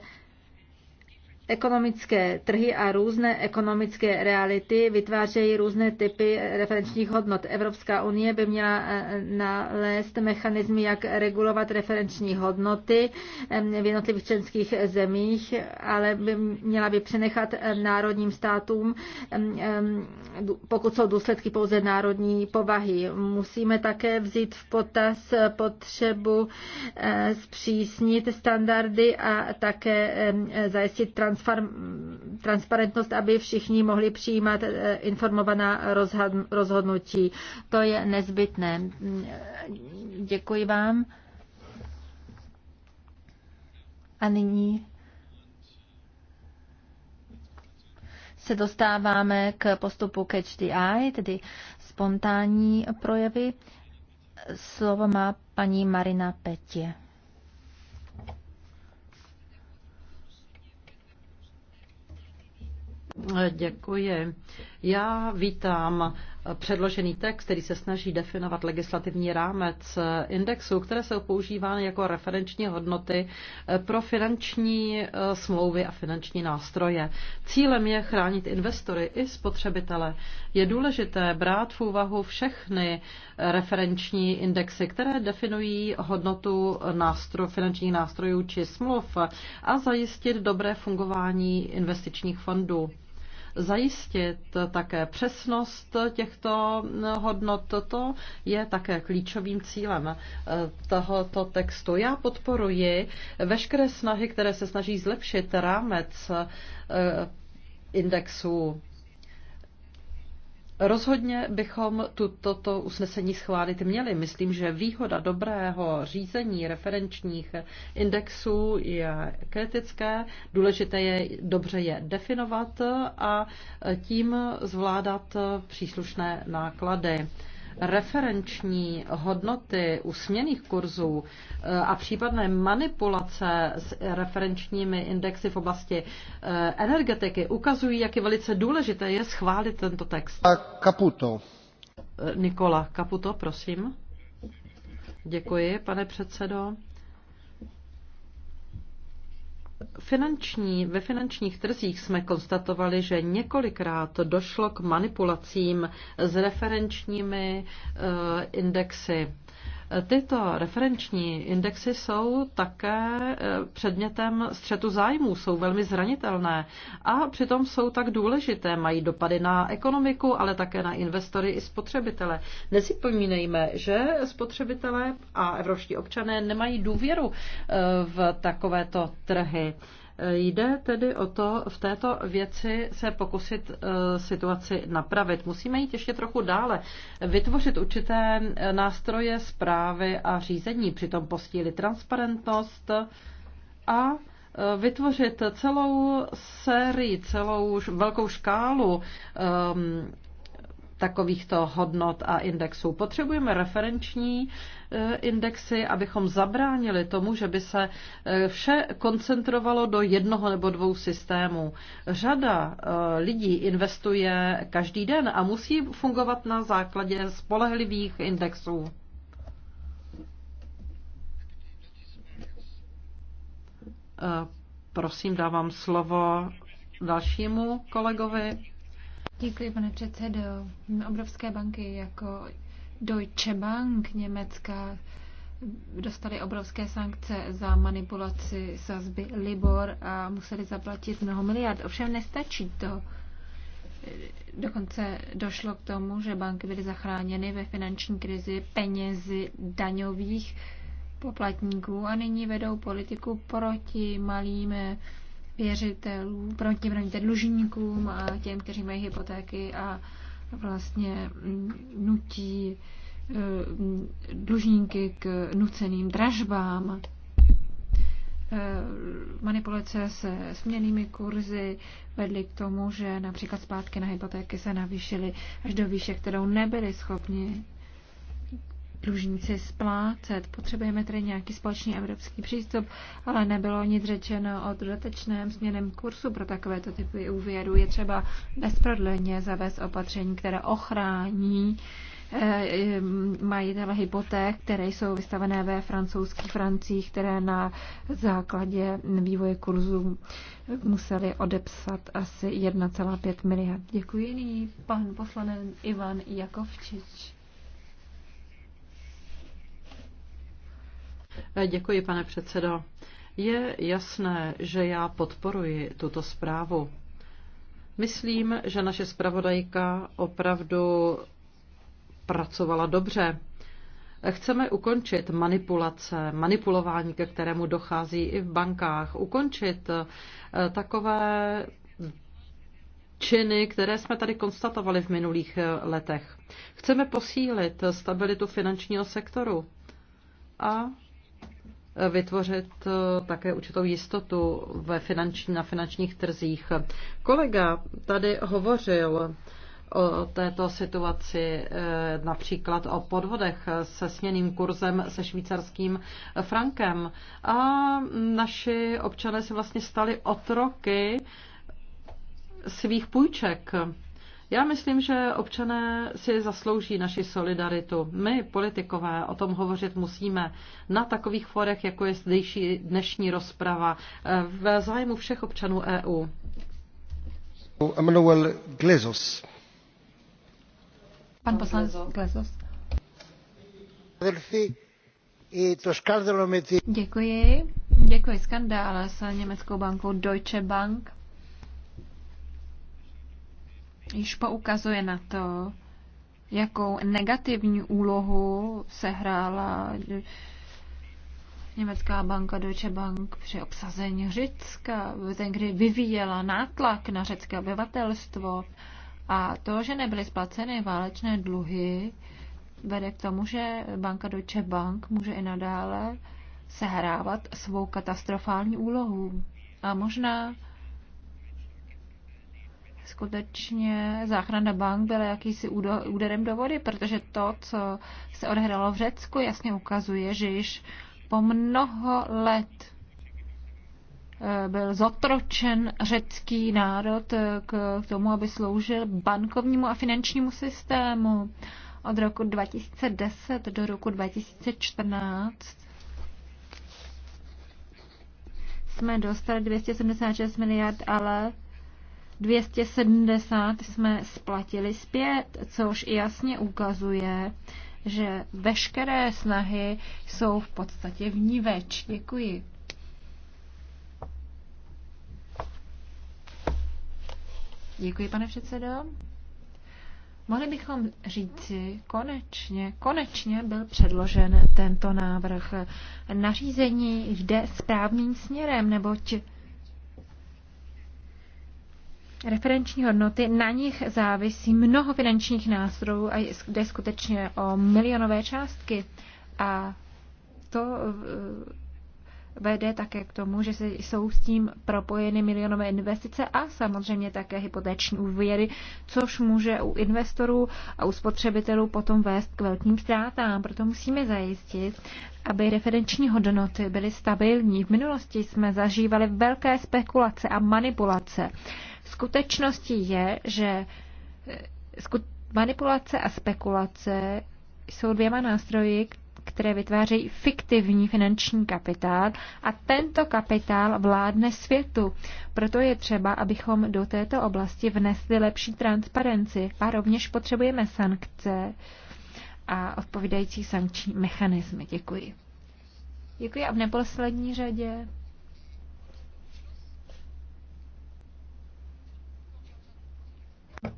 ekonomické trhy a různé ekonomické reality vytvářejí různé typy referenčních hodnot. Evropská unie by měla eh, nalézt mechanizmy, jak regulovat referenční hodnoty eh, v jednotlivých členských zemích, ale by měla by přenechat eh, národním státům, pokud jsou důsledky pouze národní povahy. Musíme také vzít v potaz potřebu zpřísnit standardy a také zajistit transparentnost transparentnost, aby všichni mohli přijímat eh, informovaná rozhodnutí. To je nezbytné. Děkuji vám. A nyní se dostáváme k postupu Catch the Eye, tedy spontánní projevy. Slovo má paní Marina Petě. Děkuji. Já vítám předložený text, který se snaží definovat legislativní rámec indexů, které jsou používány jako referenční hodnoty pro finanční eh, smlouvy a finanční nástroje. Cílem je chránit investory i spotřebitele. Je důležité brát v úvahu všechny eh, referenční indexy, které definují hodnotu nástroj, finančních nástrojů či smluv a zajistit dobré fungování investičních fondů zajistit také přesnost těchto hodnot. To je také klíčovým cílem eh, tohoto textu. Já podporuji veškeré snahy, které se snaží zlepšit rámec eh, indexu Rozhodně bychom toto usnesení schválit měli. Myslím, že výhoda dobrého řízení referenčních indexů je kritické. Důležité je dobře je definovat a tím zvládat příslušné náklady referenční hodnoty u směných kurzů eh, a případné manipulace s referenčními indexy v oblasti eh, energetiky ukazují, jak je velice důležité je schválit tento text. Kaputo. Eh, Nikola Kaputo, prosím. Děkuji, pane předsedo finanční, ve finančních trzích jsme konstatovali, že několikrát došlo k manipulacím s referenčními eh, indexy. Tyto referenční indexy jsou také eh, předmětem střetu zájmů, jsou velmi zranitelné a přitom jsou tak důležité, mají dopady na ekonomiku, ale také na investory i spotřebitele. Nezapomínejme, že spotřebitelé a evropští občané nemají důvěru eh, v takovéto trhy. Jde tedy o to v této věci se pokusit eh, situaci napravit. Musíme jít ještě trochu dále, vytvořit určité eh, nástroje zprávy a řízení, přitom postílit transparentnost a eh, vytvořit celou sérii, celou velkou škálu ehm, takovýchto hodnot a indexů. Potřebujeme referenční e, indexy, abychom zabránili tomu, že by se e, vše koncentrovalo do jednoho nebo dvou systémů. Řada e, lidí investuje každý den a musí fungovat na základě spolehlivých indexů. Prosím, dávám slovo dalšímu kolegovi. Děkuji, pane předsedo. Obrovské banky jako Deutsche Bank německá dostali obrovské sankce za manipulaci sazby Libor a museli zaplatit mnoho miliard. Ovšem nestačí to. Dokonce došlo k tomu, že banky byly zachráněny ve finanční krizi penězi daňových poplatníků a nyní vedou politiku proti malým věřitelů, proti proti dlužníkům a těm, kteří mají hypotéky a vlastně mm, nutí eh, dlužníky k nuceným dražbám, eh, manipulace se směnými kurzy vedly k tomu, že například zpátky na hypotéky se navýšily až do výše, kterou nebyli schopni dlužníci splácet. Potřebujeme tedy nějaký společný evropský přístup, ale nebylo nic řečeno o dodatečném směrem kursu pro takovéto typy úvěru. Je třeba bezprodleně zavést opatření, které ochrání eh, eh, majitele hypoték, které jsou vystavené ve francouzských francích, které na základě vývoje kurzu museli odepsat asi 1,5 miliard. Děkuji nyní pan poslanec Ivan Jakovčič. Děkuji, pane předsedo. Je jasné, že já podporuji tuto zprávu. Myslím, že naše zpravodajka opravdu pracovala dobře. Chceme ukončit manipulace, manipulování, ke kterému dochází i v bankách, ukončit eh, takové činy, které jsme tady konstatovali v minulých eh, letech. Chceme posílit stabilitu finančního sektoru a vytvořit eh, také určitou jistotu ve finanční, na finančních trzích. Kolega tady hovořil o této situaci, eh, například o podvodech se směným kurzem se švýcarským frankem. A naši občané se vlastně stali otroky svých půjček. Já myslím, že občané si zaslouží naši solidaritu. My, politikové, o tom hovořit musíme na takových forech, jako je zdejší dnešní rozprava, eh, v zájmu všech občanů EU. Emanuel Glezos. Pan poslanec Glezos. Děkuji. Děkuji. Skandál s německou bankou Deutsche Bank již poukazuje na to, jakou negativní úlohu sehrála Německá banka Deutsche Bank při obsazení Řecka, ten kdy vyvíjela nátlak na řecké obyvatelstvo a to, že nebyly splaceny válečné dluhy, vede k tomu, že banka Deutsche Bank může i nadále sehrávat svou katastrofální úlohu. A možná skutečně záchrana bank byla jakýsi úderem do vody, protože to, co se odehrálo v Řecku, jasně ukazuje, že již po mnoho let eh, byl zotročen řecký národ eh, k tomu, aby sloužil bankovnímu a finančnímu systému. Od roku 2010 do roku 2014 jsme dostali 276 miliard, ale 270 jsme splatili zpět, což jasně ukazuje, že veškeré snahy jsou v podstatě vníveč. Děkuji. Děkuji, pane předsedo. Mohli bychom říci, konečně, konečně byl předložen tento návrh. Nařízení jde správným směrem, neboť referenční hodnoty, na nich závisí mnoho finančních nástrojů a jde skutečně o milionové částky. A to eh, vede také k tomu, že jsou s tím propojeny milionové investice a samozřejmě také hypoteční úvěry, což může u investorů a u spotřebitelů potom vést k velkým ztrátám. Proto musíme zajistit, aby referenční hodnoty byly stabilní. V minulosti jsme zažívali velké spekulace a manipulace. Skutečností je, že eh, manipulace a spekulace jsou dvěma nástroji, které vytvářejí fiktivní finanční kapitál a tento kapitál vládne světu. Proto je třeba, abychom do této oblasti vnesli lepší transparenci a rovněž potřebujeme sankce a odpovídající sankční mechanismy. Děkuji. Děkuji a v neposlední řadě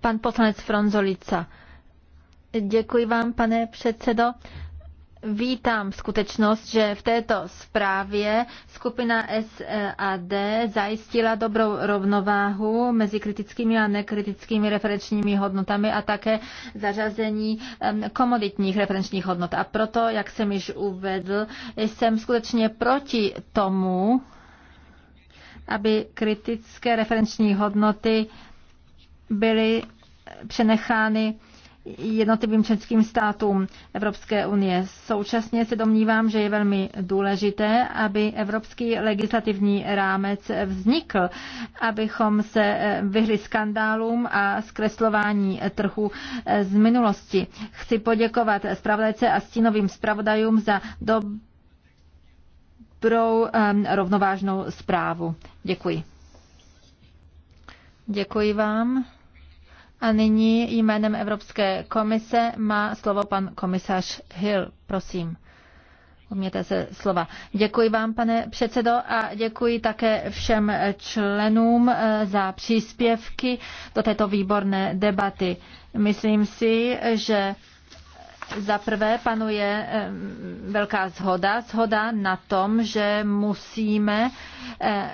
Pan poslanec Fronzolica. Děkuji vám, pane předsedo vítám skutečnost, že v této zprávě skupina SAD e zajistila dobrou rovnováhu mezi kritickými a nekritickými referenčními hodnotami a také zařazení komoditních referenčních hodnot. A proto, jak jsem již uvedl, jsem skutečně proti tomu, aby kritické referenční hodnoty byly přenechány jednotlivým členským státům Evropské unie. Současně se domnívám, že je velmi důležité, aby evropský legislativní rámec vznikl, abychom se vyhli skandálům a zkreslování trhu z minulosti. Chci poděkovat zpravodajce a stínovým zpravodajům za dobrou rovnovážnou zprávu. Děkuji. Děkuji vám. A nyní jménem Evropské komise má slovo pan komisař Hill. Prosím. Uměte se slova. Děkuji vám, pane předsedo, a děkuji také všem členům eh, za příspěvky do této výborné debaty. Myslím si, že za prvé panuje eh, velká shoda, shoda na tom, že musíme eh,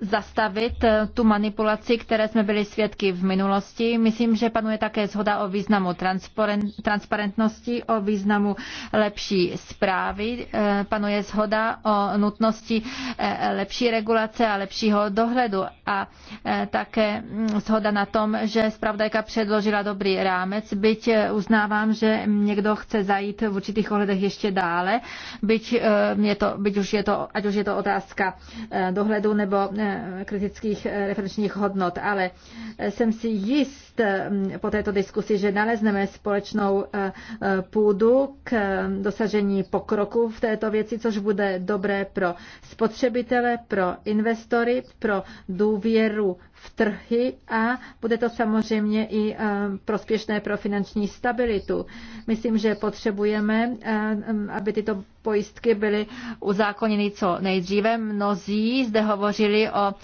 zastavit eh, tu manipulaci, které jsme byli svědky v minulosti. Myslím, že panuje také zhoda o významu transparentnosti, o významu lepší zprávy. Eh, panuje zhoda o nutnosti eh, lepší regulace a lepšího dohledu a také zhoda mm, na tom, že zpravodajka předložila dobrý rámec, byť uznávám, že někdo chce zajít v určitých ohledech ještě dále, byť, je to, byť už je to, ať už je to otázka dohledu nebo nebo eh, kritických eh, referenčních hodnot, ale eh, jsem si jist mm, po této diskusi, že nalezneme společnou půdu k dosažení pokroku v této věci, což bude dobré pro spotřebitele, pro investory, pro důvěru v trhy a bude to samozřejmě i prospěšné pro finanční stabilitu. Myslím, že potřebujeme, mm, aby tyto pojistky byly uzákoněny co nejdříve. Mnozí zde hovořili o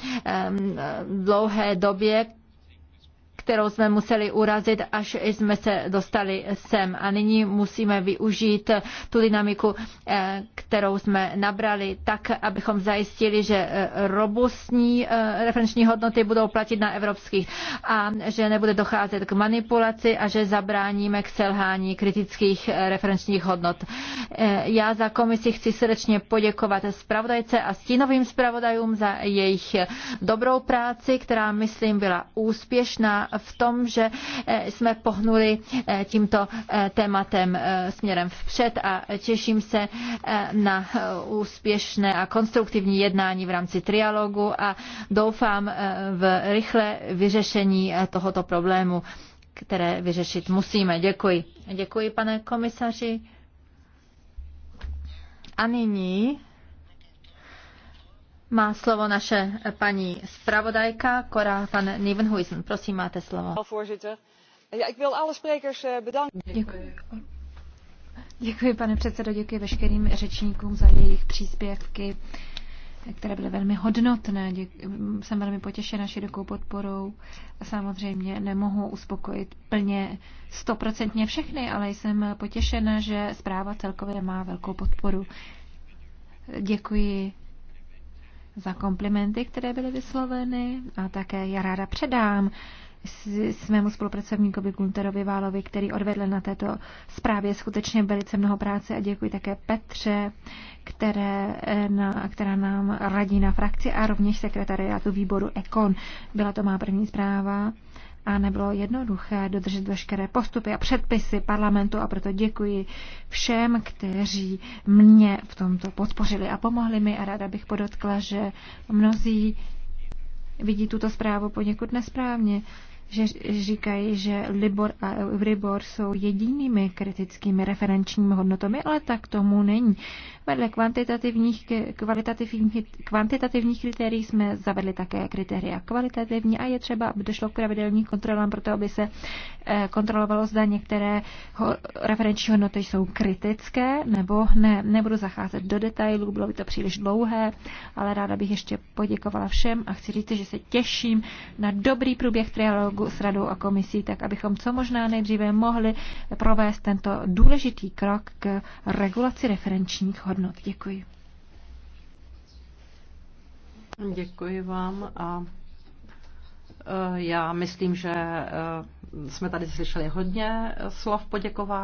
dlouhé době, kterou jsme museli urazit, až jsme se dostali sem. A nyní musíme využít tu dynamiku, eh, kterou jsme nabrali, tak, abychom zajistili, že eh, robustní eh, referenční hodnoty budou platit na evropských a že nebude docházet k manipulaci a že zabráníme k selhání kritických referenčních hodnot. Já za komisi chci srdečně poděkovat zpravodajce a stínovým zpravodajům za jejich dobrou práci, která, myslím, byla úspěšná v tom, že eh, jsme pohnuli eh, tímto eh, tématem směrem vpřed a těším se na úspěšné a konstruktivní jednání v rámci trialogu a doufám v rychlé vyřešení tohoto problému, které vyřešit musíme. Děkuji. Děkuji, pane komisaři. A nyní má slovo naše paní zpravodajka Cora van Prosím, máte slovo. Eh, děkuji. Děkuji, pane předsedo, děkuji veškerým řečníkům za jejich příspěvky, které byly velmi hodnotné. Děkuji, jsem velmi potěšena širokou podporou. Samozřejmě nemohu uspokojit plně stoprocentně všechny, ale jsem potěšena, že zpráva celkově má velkou podporu. Děkuji za komplimenty, které byly vysloveny a také já ráda předám svému spolupracovníkovi Gunterovi Válovi, který odvedl na této zprávě skutečně velice mnoho práce a děkuji také Petře, které eh, na, která nám radí na frakci a rovněž sekretariátu výboru Ekon. Byla to má první zpráva a nebylo jednoduché dodržet veškeré postupy a předpisy parlamentu a proto děkuji všem, kteří mě v tomto podpořili a pomohli mi a ráda bych podotkla, že mnozí vidí tuto zprávu poněkud nesprávně že říkají, že Libor a Euribor jsou jedinými kritickými referenčními hodnotami, ale tak tomu není. Vedle kvantitativních, kvalitativních, kvantitativních kritérií jsme zavedli také kritéria kvalitativní a je třeba, aby došlo k pravidelným kontrolám, proto aby se eh, kontrolovalo, zda některé ho, referenční hodnoty jsou kritické nebo ne. Nebudu zacházet do detailů, bylo by to příliš dlouhé, ale ráda bych ještě poděkovala všem a chci říct, že se těším na dobrý průběh trialogu kolegu s radou a komisí, tak abychom co možná nejdříve mohli provést tento důležitý krok k regulaci referenčních hodnot. Děkuji. Děkuji vám a e, já myslím, že e, jsme tady slyšeli hodně slov poděkování.